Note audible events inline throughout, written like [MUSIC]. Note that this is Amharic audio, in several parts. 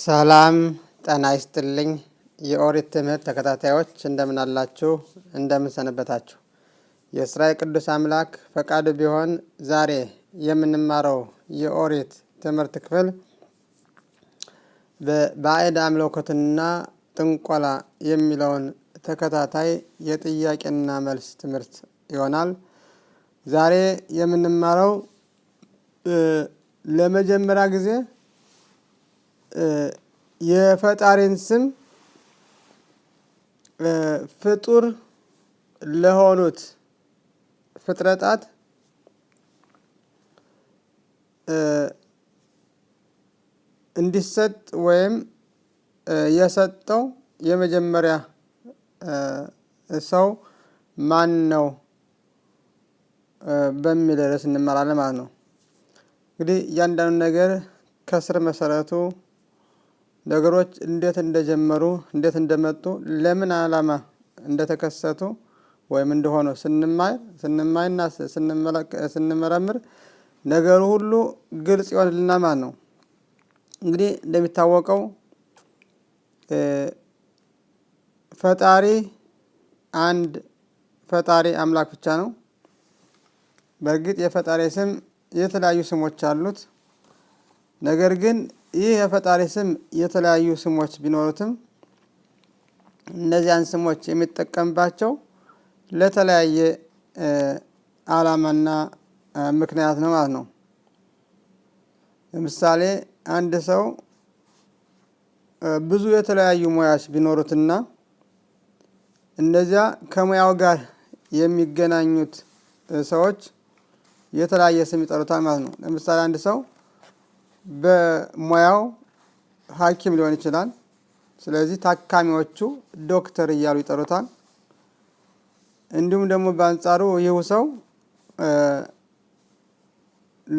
ሰላም ጠና ይስጥልኝ። የኦሪት ትምህርት ተከታታዮች እንደምናላችሁ አላችሁ? እንደምን ሰነበታችሁ? የእስራኤል ቅዱስ አምላክ ፈቃዱ ቢሆን ዛሬ የምንማረው የኦሪት ትምህርት ክፍል በባዕድ አምልኮትና ጥንቆላ የሚለውን ተከታታይ የጥያቄና መልስ ትምህርት ይሆናል። ዛሬ የምንማረው ለመጀመሪያ ጊዜ የፈጣሪን ስም ፍጡር ለሆኑት ፍጥረታት እንዲሰጥ ወይም የሰጠው የመጀመሪያ ሰው ማን ነው በሚል ርዕስ እንመራለን ማለት ነው። እንግዲህ እያንዳንዱ ነገር ከስር መሰረቱ ነገሮች እንዴት እንደጀመሩ እንዴት እንደመጡ ለምን ዓላማ እንደተከሰቱ ወይም እንደሆኑ ስንማይ ስንማይና ስንመረምር ነገሩ ሁሉ ግልጽ ይሆንልና ማለት ነው። እንግዲህ እንደሚታወቀው ፈጣሪ አንድ ፈጣሪ አምላክ ብቻ ነው። በእርግጥ የፈጣሪ ስም የተለያዩ ስሞች አሉት። ነገር ግን ይህ የፈጣሪ ስም የተለያዩ ስሞች ቢኖሩትም እነዚያን ስሞች የሚጠቀምባቸው ለተለያየ ዓላማና ምክንያት ነው ማለት ነው። ለምሳሌ አንድ ሰው ብዙ የተለያዩ ሙያዎች ቢኖሩትና እነዚያ ከሙያው ጋር የሚገናኙት ሰዎች የተለያየ ስም ይጠሩታል ማለት ነው። ለምሳሌ አንድ ሰው በሙያው ሐኪም ሊሆን ይችላል። ስለዚህ ታካሚዎቹ ዶክተር እያሉ ይጠሩታል። እንዲሁም ደግሞ በአንጻሩ ይህ ሰው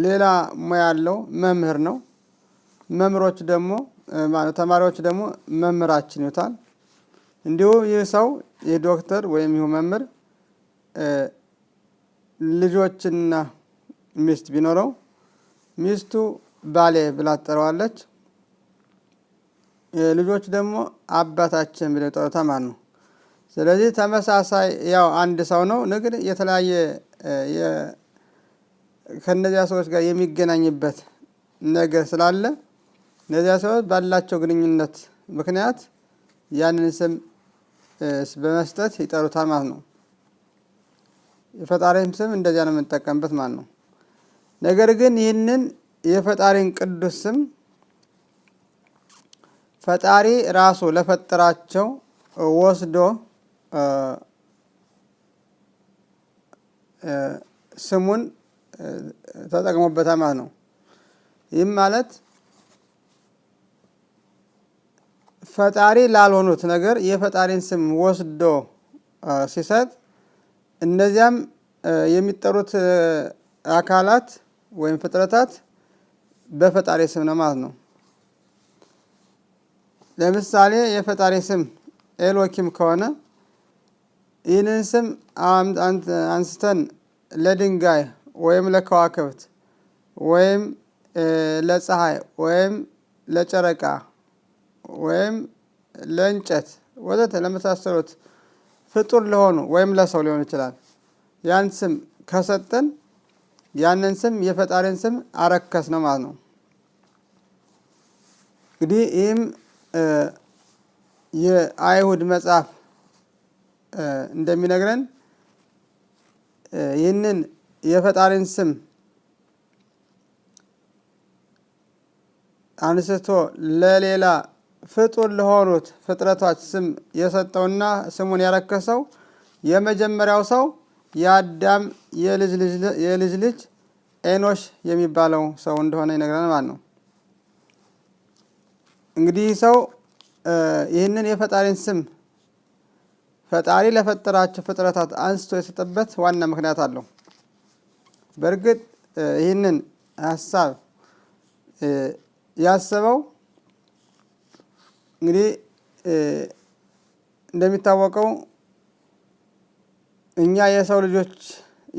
ሌላ ሙያ ያለው መምህር ነው። መምህሮች ደግሞ ተማሪዎች ደግሞ መምህራችን ይሉታል። እንዲሁ ይህ ሰው ይህ ዶክተር ወይም ይሁ መምህር ልጆችና ሚስት ቢኖረው ሚስቱ ባሌ ብላ ትጠራዋለች። ልጆች ደግሞ አባታችን ብለው ይጠሩታ ማን ነው። ስለዚህ ተመሳሳይ ያው አንድ ሰው ነው ንግድ የተለያየ ከእነዚያ ሰዎች ጋር የሚገናኝበት ነገር ስላለ እነዚያ ሰዎች ባላቸው ግንኙነት ምክንያት ያንን ስም በመስጠት ይጠሩታል ማለት ነው። የፈጣሪም ስም እንደዚያ ነው የምንጠቀምበት ማለት ነው። ነገር ግን ይህንን የፈጣሪን ቅዱስ ስም ፈጣሪ ራሱ ለፈጠራቸው ወስዶ ስሙን ተጠቅሞበታል ማለት ነው። ይህም ማለት ፈጣሪ ላልሆኑት ነገር የፈጣሪን ስም ወስዶ ሲሰጥ እነዚያም የሚጠሩት አካላት ወይም ፍጥረታት በፈጣሪ ስም ነው ማለት ነው። ለምሳሌ የፈጣሪ ስም ኤሎኪም ከሆነ ይህንን ስም አንስተን ለድንጋይ ወይም ለከዋክብት ወይም ለፀሐይ ወይም ለጨረቃ ወይም ለእንጨት ወዘተ ለመሳሰሉት ፍጡር ለሆኑ ወይም ለሰው ሊሆን ይችላል። ያን ስም ከሰጠን ያንን ስም የፈጣሪን ስም አረከስ ነው ማለት ነው። እንግዲህ ይህም የአይሁድ መጽሐፍ እንደሚነግረን ይህንን የፈጣሪን ስም አንስቶ ለሌላ ፍጡር ለሆኑት ፍጥረቶች ስም የሰጠውና ስሙን ያረከሰው የመጀመሪያው ሰው የአዳም የልጅ ልጅ ኤኖሽ የሚባለው ሰው እንደሆነ ይነግረን ማለት ነው። እንግዲህ ሰው ይህንን የፈጣሪን ስም ፈጣሪ ለፈጠራቸው ፍጥረታት አንስቶ የሰጠበት ዋና ምክንያት አለው። በእርግጥ ይህንን ሀሳብ ያሰበው እንግዲህ እንደሚታወቀው እኛ የሰው ልጆች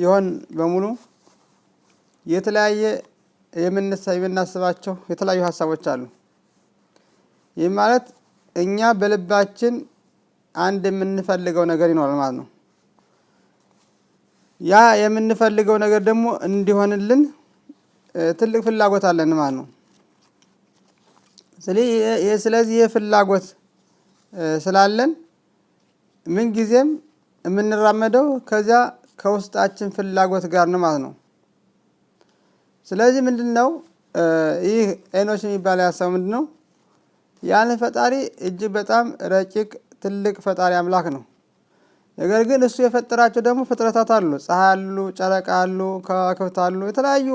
የሆን በሙሉ የተለያየ የምናስባቸው የተለያዩ ሀሳቦች አሉ። ይህ ማለት እኛ በልባችን አንድ የምንፈልገው ነገር ይኖራል ማለት ነው። ያ የምንፈልገው ነገር ደግሞ እንዲሆንልን ትልቅ ፍላጎት አለን ማለት ነው። ስለዚህ ይህ ፍላጎት ስላለን ምንጊዜም የምንራመደው ከዚያ ከውስጣችን ፍላጎት ጋር ነው ማለት ነው። ስለዚህ ምንድን ነው ይህ ኤኖች የሚባለው ሀሳብ ምንድን ነው? ያን ፈጣሪ እጅግ በጣም ረቂቅ ትልቅ ፈጣሪ አምላክ ነው። ነገር ግን እሱ የፈጠራቸው ደግሞ ፍጥረታት አሉ። ፀሐይ አሉ፣ ጨረቃ አሉ፣ ከዋክብት አሉ፣ የተለያዩ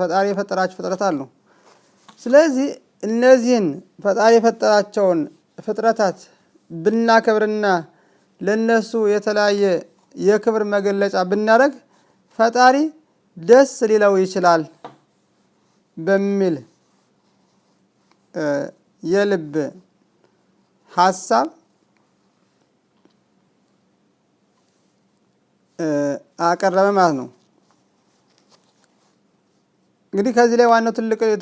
ፈጣሪ የፈጠራቸው ፍጥረት አሉ። ስለዚህ እነዚህን ፈጣሪ የፈጠራቸውን ፍጥረታት ብናከብርና ለነሱ የተለያየ የክብር መገለጫ ብናደርግ ፈጣሪ ደስ ሊለው ይችላል በሚል የልብ ሀሳብ አቀረበ ማለት ነው። እንግዲህ ከዚህ ላይ ዋናው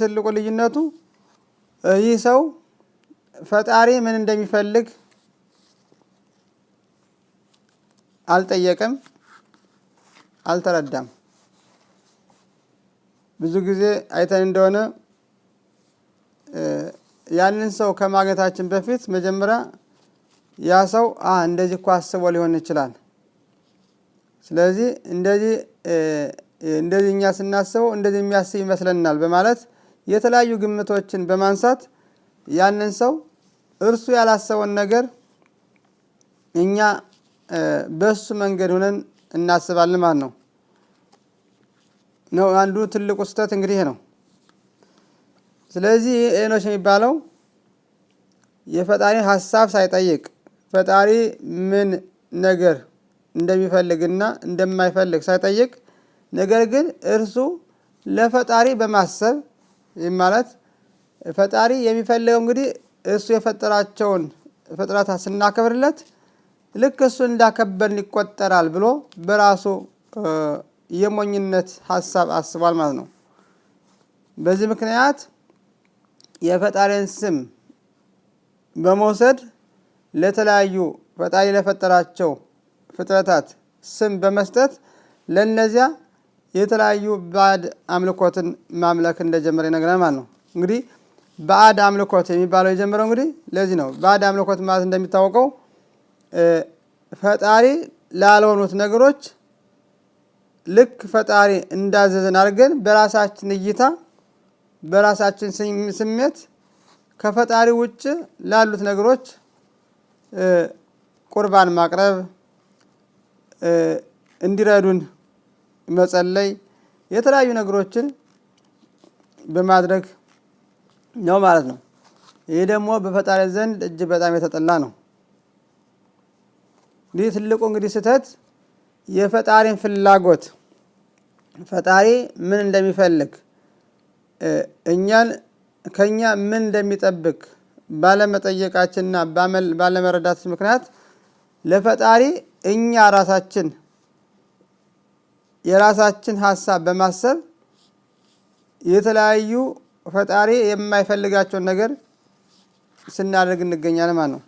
ትልቁ ልዩነቱ ይህ ሰው ፈጣሪ ምን እንደሚፈልግ አልጠየቀም፣ አልተረዳም። ብዙ ጊዜ አይተን እንደሆነ ያንን ሰው ከማግኘታችን በፊት መጀመሪያ ያ ሰው እንደዚህ እኮ አስቦ ሊሆን ይችላል። ስለዚህ እንደዚህ እንደዚህ እኛ ስናስበው እንደዚህ የሚያስብ ይመስለናል በማለት የተለያዩ ግምቶችን በማንሳት ያንን ሰው እርሱ ያላሰበውን ነገር እኛ በሱ መንገድ ሆነን እናስባለን ማለት ነው ነው አንዱ ትልቁ ስህተት እንግዲህ ነው። ስለዚህ ኤኖሽ የሚባለው የፈጣሪ ሀሳብ ሳይጠይቅ ፈጣሪ ምን ነገር እንደሚፈልግና እንደማይፈልግ ሳይጠይቅ ነገር ግን እርሱ ለፈጣሪ በማሰብ ማለት ፈጣሪ የሚፈልገው እንግዲህ እሱ የፈጠራቸውን ፍጥረታ ስናከብርለት ልክ እሱ እንዳከበርን ይቆጠራል ብሎ በራሱ የሞኝነት ሀሳብ አስቧል ማለት ነው። በዚህ ምክንያት የፈጣሪን ስም በመውሰድ ለተለያዩ ፈጣሪ ለፈጠራቸው ፍጥረታት ስም በመስጠት ለእነዚያ የተለያዩ ባዕድ አምልኮትን ማምለክ እንደጀመረ ይነግረናል ማለት ነው። እንግዲህ ባዕድ አምልኮት የሚባለው የጀመረው እንግዲህ ለዚህ ነው። ባዕድ አምልኮት ማለት እንደሚታወቀው ፈጣሪ ላልሆኑት ነገሮች ልክ ፈጣሪ እንዳዘዘን አድርገን በራሳችን እይታ በራሳችን ስሜት ከፈጣሪ ውጭ ላሉት ነገሮች ቁርባን ማቅረብ፣ እንዲረዱን መጸለይ፣ የተለያዩ ነገሮችን በማድረግ ነው ማለት ነው። ይህ ደግሞ በፈጣሪ ዘንድ እጅግ በጣም የተጠላ ነው። ይህ ትልቁ እንግዲህ ስህተት የፈጣሪን ፍላጎት ፈጣሪ ምን እንደሚፈልግ እኛን ከእኛ ምን እንደሚጠብቅ ባለመጠየቃችንና ባለመረዳት ምክንያት ለፈጣሪ እኛ ራሳችን የራሳችን ሀሳብ በማሰብ የተለያዩ ፈጣሪ የማይፈልጋቸውን ነገር ስናደርግ እንገኛለን ማለት ነው።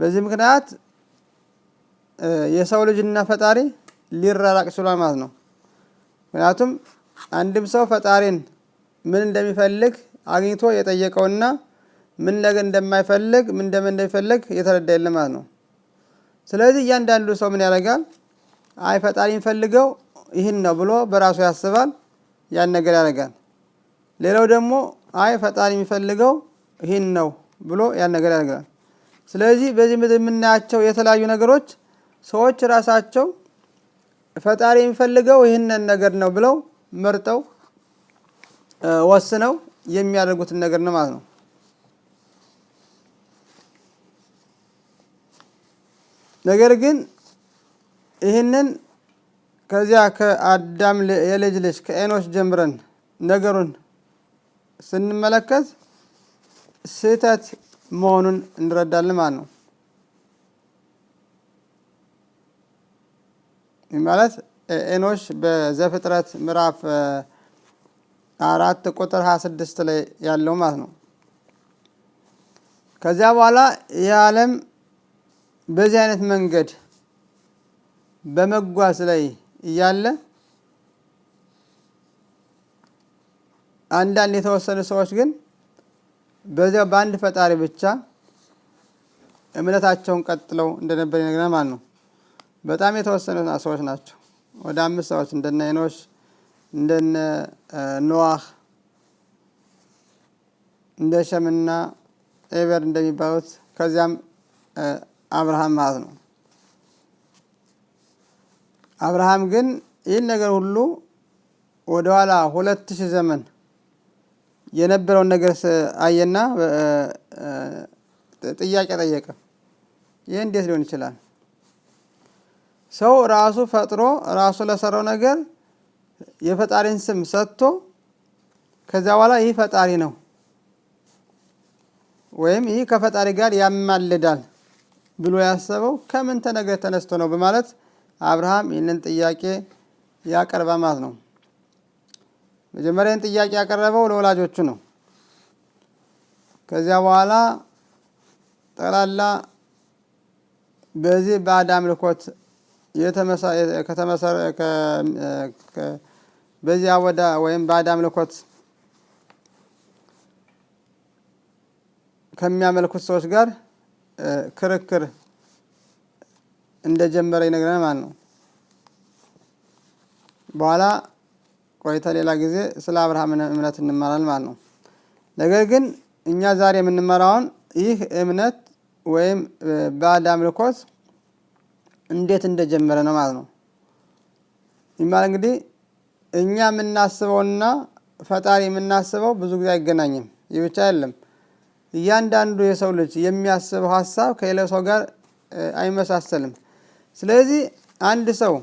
በዚህ ምክንያት የሰው ልጅና ፈጣሪ ሊራራቅ ችሏል ማለት ነው። ምክንያቱም አንድም ሰው ፈጣሪን ምን እንደሚፈልግ አግኝቶ የጠየቀውና ምን ነገር እንደማይፈልግ ምን ደም እንደሚፈልግ የተረዳ የለም ማለት ነው። ስለዚህ እያንዳንዱ ሰው ምን ያደርጋል? አይ ፈጣሪ የሚፈልገው ይህን ነው ብሎ በራሱ ያስባል፣ ያን ነገር ያደርጋል። ሌላው ደግሞ አይ ፈጣሪ የሚፈልገው ይህን ነው ብሎ ያን ነገር ያደርጋል። ስለዚህ በዚህ ምድር የምናያቸው የተለያዩ ነገሮች ሰዎች ራሳቸው ፈጣሪ የሚፈልገው ይህንን ነገር ነው ብለው መርጠው ወስነው የሚያደርጉትን ነገር ነው ማለት ነው። ነገር ግን ይህንን ከዚያ ከአዳም የልጅ ልጅ ከኤኖች ጀምረን ነገሩን ስንመለከት ስህተት መሆኑን እንረዳለን ማለት ነው ማለት ኤኖሽ በዘፍጥረት ምዕራፍ አራት ቁጥር 26 ላይ ያለው ማለት ነው። ከዚያ በኋላ ይህ ዓለም በዚህ አይነት መንገድ በመጓዝ ላይ እያለ አንዳንድ የተወሰኑ ሰዎች ግን በዚያው በአንድ ፈጣሪ ብቻ እምነታቸውን ቀጥለው እንደነበር ይነግረናል ማለት ነው። በጣም የተወሰኑ ሰዎች ናቸው። ወደ አምስት ሰዎች እንደነ አይኖሽ እንደነ ኖዋህ እንደ ሸምና ኤቨር እንደሚባሉት ከዚያም አብርሃም ማለት ነው። አብርሃም ግን ይህን ነገር ሁሉ ወደኋላ ሁለት ሺህ ዘመን የነበረውን ነገር አየና ጥያቄ ጠየቀ። ይህ እንዴት ሊሆን ይችላል? ሰው ራሱ ፈጥሮ ራሱ ለሰራው ነገር የፈጣሪን ስም ሰጥቶ ከዚያ በኋላ ይህ ፈጣሪ ነው ወይም ይህ ከፈጣሪ ጋር ያማልዳል ብሎ ያሰበው ከምን ነገር ተነስቶ ነው በማለት አብርሃም ይህንን ጥያቄ ያቀርባ ማለት ነው። መጀመሪያን ጥያቄ ያቀረበው ለወላጆቹ ነው። ከዚያ በኋላ ጠቅላላ በዚህ በአዳም ልኮት በዚያ ወዳ ወይም ባዕድ አምልኮት ከሚያመልኩት ሰዎች ጋር ክርክር እንደጀመረ ይነግረን ማለት ነው። በኋላ ቆይተ ሌላ ጊዜ ስለ አብርሃም እምነት እንመራል ማለት ነው። ነገር ግን እኛ ዛሬ የምንመራውን ይህ እምነት ወይም ባዕድ አምልኮት እንዴት እንደጀመረ ነው ማለት ነው። ይማል እንግዲህ እኛ የምናስበውና ፈጣሪ የምናስበው ብዙ ጊዜ አይገናኝም። ይህ ብቻ አይደለም። እያንዳንዱ የሰው ልጅ የሚያስበው ሀሳብ ከሌላው ሰው ጋር አይመሳሰልም። ስለዚህ አንድ ሰው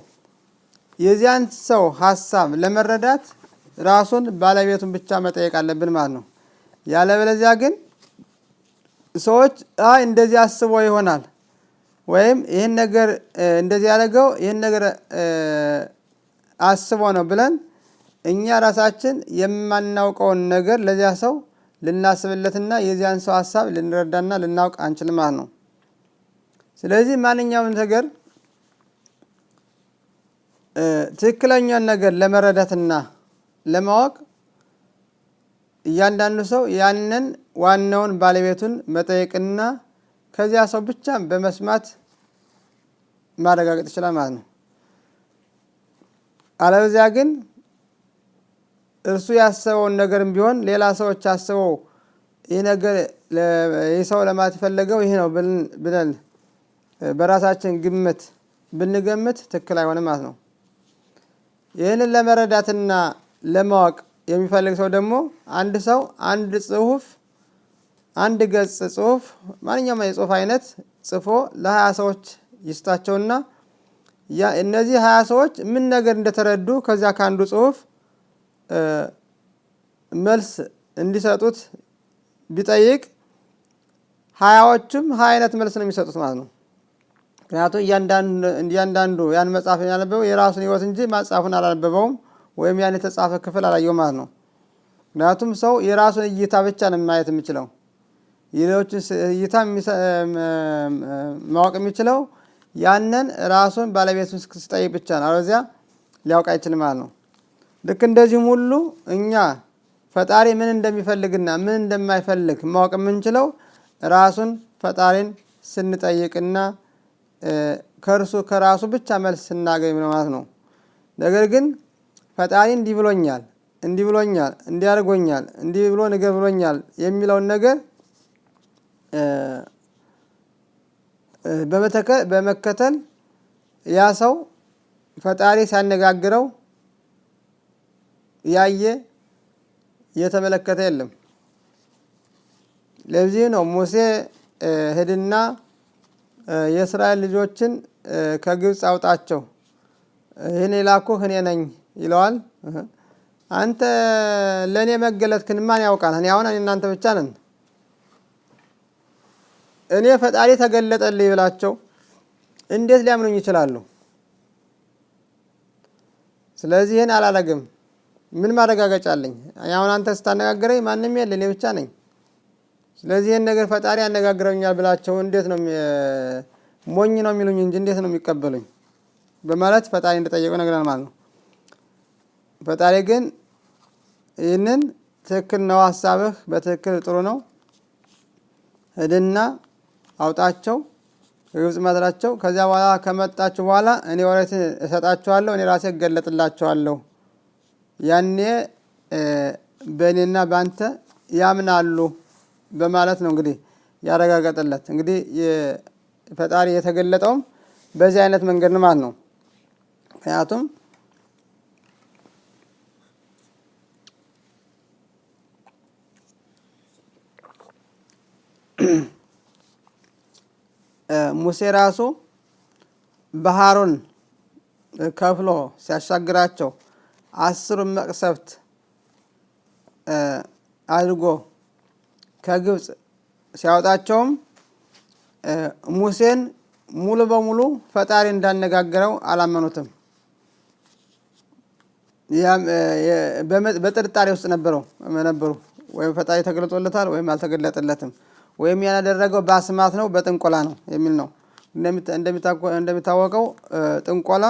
የዚያን ሰው ሀሳብ ለመረዳት ራሱን ባለቤቱን ብቻ መጠየቅ አለብን ማለት ነው። ያለበለዚያ ግን ሰዎች አይ እንደዚህ አስቦ ይሆናል ወይም ይህን ነገር እንደዚህ ያደረገው ይህን ነገር አስቦ ነው ብለን እኛ ራሳችን የማናውቀውን ነገር ለዚያ ሰው ልናስብለትና የዚያን ሰው ሀሳብ ልንረዳና ልናውቅ አንችልም ማለት ነው። ስለዚህ ማንኛውም ነገር ትክክለኛውን ነገር ለመረዳትና ለማወቅ እያንዳንዱ ሰው ያንን ዋናውን ባለቤቱን መጠየቅና ከዚያ ሰው ብቻ በመስማት ማረጋገጥ ይችላል ማለት ነው። አለበዚያ ግን እርሱ ያሰበውን ነገርም ቢሆን ሌላ ሰዎች አስበው ይህ ነገር ይህ ሰው ለማለት የፈለገው ይህ ነው ብለን በራሳችን ግምት ብንገምት ትክክል አይሆንም ማለት ነው። ይህንን ለመረዳትና ለማወቅ የሚፈልግ ሰው ደግሞ አንድ ሰው አንድ ጽሁፍ። አንድ ገጽ ጽሁፍ ማንኛውም የጽሁፍ አይነት ጽፎ ለሀያ ሰዎች ይስጣቸውና እነዚህ ሀያ ሰዎች ምን ነገር እንደተረዱ ከዚያ ከአንዱ ጽሁፍ መልስ እንዲሰጡት ቢጠይቅ ሀያዎቹም ሀያ አይነት መልስ ነው የሚሰጡት ማለት ነው። ምክንያቱም እያንዳንዱ ያን መጽሐፍ ያነበበው የራሱን ህይወት እንጂ መጽሐፉን አላነበበውም ወይም ያን የተጻፈ ክፍል አላየው ማለት ነው። ምክንያቱም ሰው የራሱን እይታ ብቻ ነው ማየት የሚችለው። የሌሎችን እይታ ማወቅ የሚችለው ያንን ራሱን ባለቤቱን ስጠይቅ ብቻ ነው። አለዚያ ሊያውቅ አይችልም ማለት ነው። ልክ እንደዚህም ሁሉ እኛ ፈጣሪ ምን እንደሚፈልግና ምን እንደማይፈልግ ማወቅ የምንችለው ራሱን ፈጣሪን ስንጠይቅና ከእርሱ ከራሱ ብቻ መልስ ስናገኝ ማለት ነው። ነገር ግን ፈጣሪ እንዲህ ብሎኛል፣ እንዲህ ብሎኛል፣ እንዲህ አድርጎኛል፣ እንዲህ ብሎ ንገር ብሎኛል የሚለውን ነገር በመከተል ያ ሰው ፈጣሪ ሲያነጋግረው ያየ የተመለከተ የለም። ለዚህ ነው ሙሴ ሂድና የእስራኤል ልጆችን ከግብፅ አውጣቸው፣ ይህን የላኩህ እኔ ነኝ ይለዋል። አንተ ለእኔ መገለጥክን ማን ያውቃል? እኔ አሁን እናንተ ብቻ ነን። እኔ ፈጣሪ ተገለጠልኝ ብላቸው እንዴት ሊያምኑኝ ይችላሉ? ስለዚህ ይህን አላረግም። ምን ማረጋገጫ አለኝ? አሁን አንተ ስታነጋግረኝ ማንም የለ እኔ ብቻ ነኝ። ስለዚህ ይህን ነገር ፈጣሪ ያነጋግረኛል ብላቸው እንዴት ነው ሞኝ ነው የሚሉኝ እንጂ እንዴት ነው የሚቀበሉኝ? በማለት ፈጣሪ እንደጠየቁ ነግረን ማለት ነው። ፈጣሪ ግን ይህንን ትክክል ነው ሀሳብህ፣ በትክክል ጥሩ ነው ሂድና አውጣቸው ግብፅ መትራቸው። ከዚያ በኋላ ከመጣችሁ በኋላ እኔ ወረት እሰጣችኋለሁ፣ እኔ ራሴ እገለጥላችኋለሁ። ያኔ በእኔና በአንተ ያምናሉ በማለት ነው እንግዲህ ያረጋገጠለት። እንግዲህ ፈጣሪ የተገለጠውም በዚህ አይነት መንገድ ማለት ነው። ምክንያቱም ሙሴ ራሱ ባህሩን ከፍሎ ሲያሻግራቸው አስሩን መቅሰፍት አድርጎ ከግብፅ ሲያወጣቸውም ሙሴን ሙሉ በሙሉ ፈጣሪ እንዳነጋገረው አላመኑትም። በጥርጣሬ ውስጥ ነበረው ነበሩ። ወይም ፈጣሪ ተገልጦለታል ወይም አልተገለጠለትም። ወይም ያላደረገው በአስማት ነው በጥንቆላ ነው የሚል ነው። እንደሚታወቀው ጥንቆላ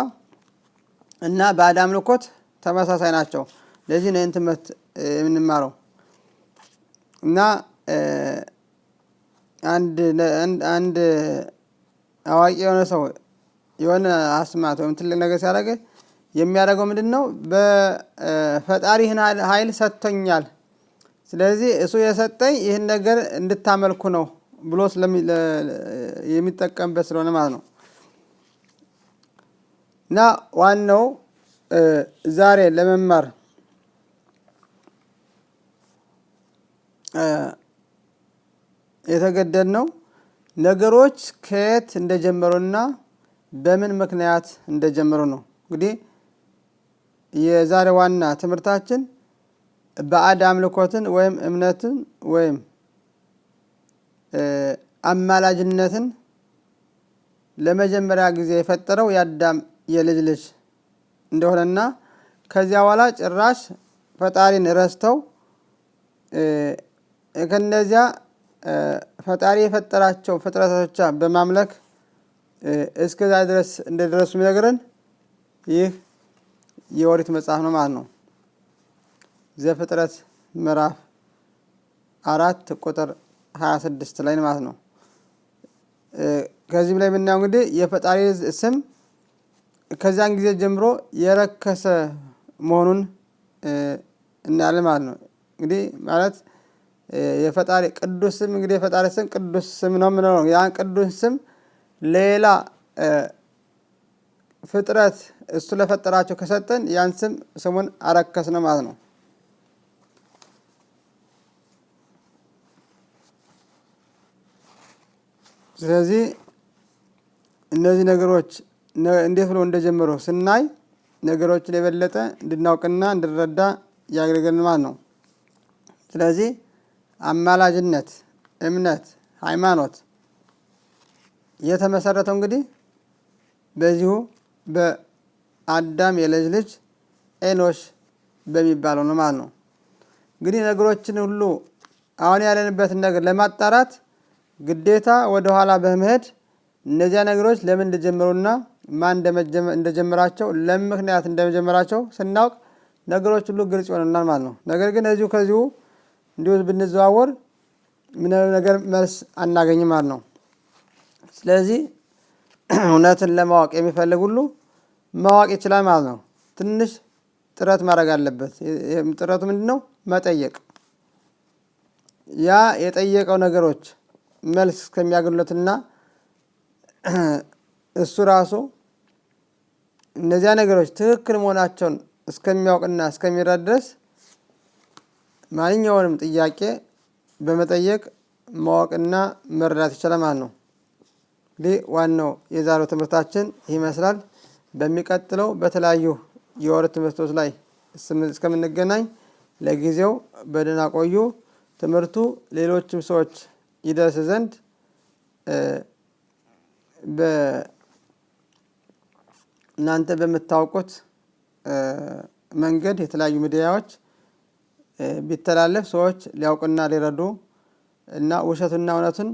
እና ባዕድ አምልኮት ተመሳሳይ ናቸው። ለዚህ ነው ይህን ትምህርት የምንማረው እና አንድ አዋቂ የሆነ ሰው የሆነ አስማት ወይም ትልቅ ነገር ሲያደርግ የሚያደርገው ምንድን ነው? በፈጣሪ ይህን ኃይል ሰጥቶኛል ስለዚህ እሱ የሰጠኝ ይህን ነገር እንድታመልኩ ነው ብሎ የሚጠቀምበት ስለሆነ ማለት ነው። እና ዋናው ዛሬ ለመማር የተገደድ ነው ነገሮች ከየት እንደጀመሩና በምን ምክንያት እንደጀመሩ ነው። እንግዲህ የዛሬ ዋና ትምህርታችን በአድ አምልኮትን ወይም እምነትን ወይም አማላጅነትን ለመጀመሪያ ጊዜ የፈጠረው የአዳም የልጅ ልጅ እንደሆነና ከዚያ በኋላ ጭራሽ ፈጣሪን ረስተው ከነዚያ ፈጣሪ የፈጠራቸው ፍጥረቶቻ በማምለክ እስከዛ ድረስ እንደደረሱ የሚነግረን ይህ የኦሪት መጽሐፍ ነው ማለት ነው። ዘፍጥረት ምዕራፍ አራት ቁጥር ሀያ ስድስት ላይ ማለት ነው። ከዚህም ላይ የምናየው እንግዲህ የፈጣሪ ስም ከዚያን ጊዜ ጀምሮ የረከሰ መሆኑን እናያለን ማለት ነው። እንግዲህ ማለት የፈጣሪ ቅዱስ ስም እንግዲህ የፈጣሪ ስም ቅዱስ ስም ነው የምንለው ያን ቅዱስ ስም ሌላ ፍጥረት እሱ ለፈጠራቸው ከሰጠን ያን ስም ስሙን አረከስ ነው ማለት ነው። ስለዚህ እነዚህ ነገሮች እንዴት ብሎ እንደጀመሩ ስናይ ነገሮችን የበለጠ እንድናውቅና እንድረዳ ያደርገን ማለት ነው። ስለዚህ አማላጅነት፣ እምነት፣ ሃይማኖት የተመሰረተው እንግዲህ በዚሁ በአዳም የልጅ ልጅ ኤኖሽ በሚባለው ነው ማለት ነው። እንግዲህ ነገሮችን ሁሉ አሁን ያለንበትን ነገር ለማጣራት ግዴታ ወደ ኋላ በመሄድ እነዚያ ነገሮች ለምን እንደጀመሩና ማን እንደጀመራቸው ለምን ምክንያት እንደጀመራቸው ስናውቅ ነገሮች ሁሉ ግልጽ ይሆንናል ማለት ነው። ነገር ግን እዚሁ ከዚሁ እንዲሁ ብንዘዋወር ምንም ነገር መልስ አናገኝም ማለት ነው። ስለዚህ [CLEARS THROAT] እውነትን ለማወቅ የሚፈልግ ሁሉ ማወቅ ይችላል ማለት ነው። ትንሽ ጥረት ማድረግ አለበት። ጥረቱ ምንድን ነው? መጠየቅ ያ የጠየቀው ነገሮች መልስ እስከሚያገሉለትና እሱ ራሱ እነዚያ ነገሮች ትክክል መሆናቸውን እስከሚያውቅና እስከሚረዳ ድረስ ማንኛውንም ጥያቄ በመጠየቅ ማወቅና መረዳት ይችላል ማለት ነው። እንግዲህ ዋናው የዛሬው ትምህርታችን ይህ ይመስላል። በሚቀጥለው በተለያዩ የወር ትምህርቶች ላይ እስከምንገናኝ ለጊዜው በደህና ቆዩ። ትምህርቱ ሌሎችም ሰዎች ይደርስ ዘንድ እናንተ በምታውቁት መንገድ የተለያዩ ሚዲያዎች ቢተላለፍ ሰዎች ሊያውቁና ሊረዱ እና ውሸቱና እውነቱን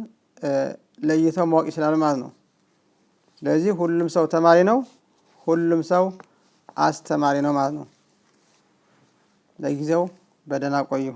ለይተው ማወቅ ይችላሉ ማለት ነው። ስለዚህ ሁሉም ሰው ተማሪ ነው፣ ሁሉም ሰው አስተማሪ ነው ማለት ነው። ለጊዜው በደህና ቆዩ።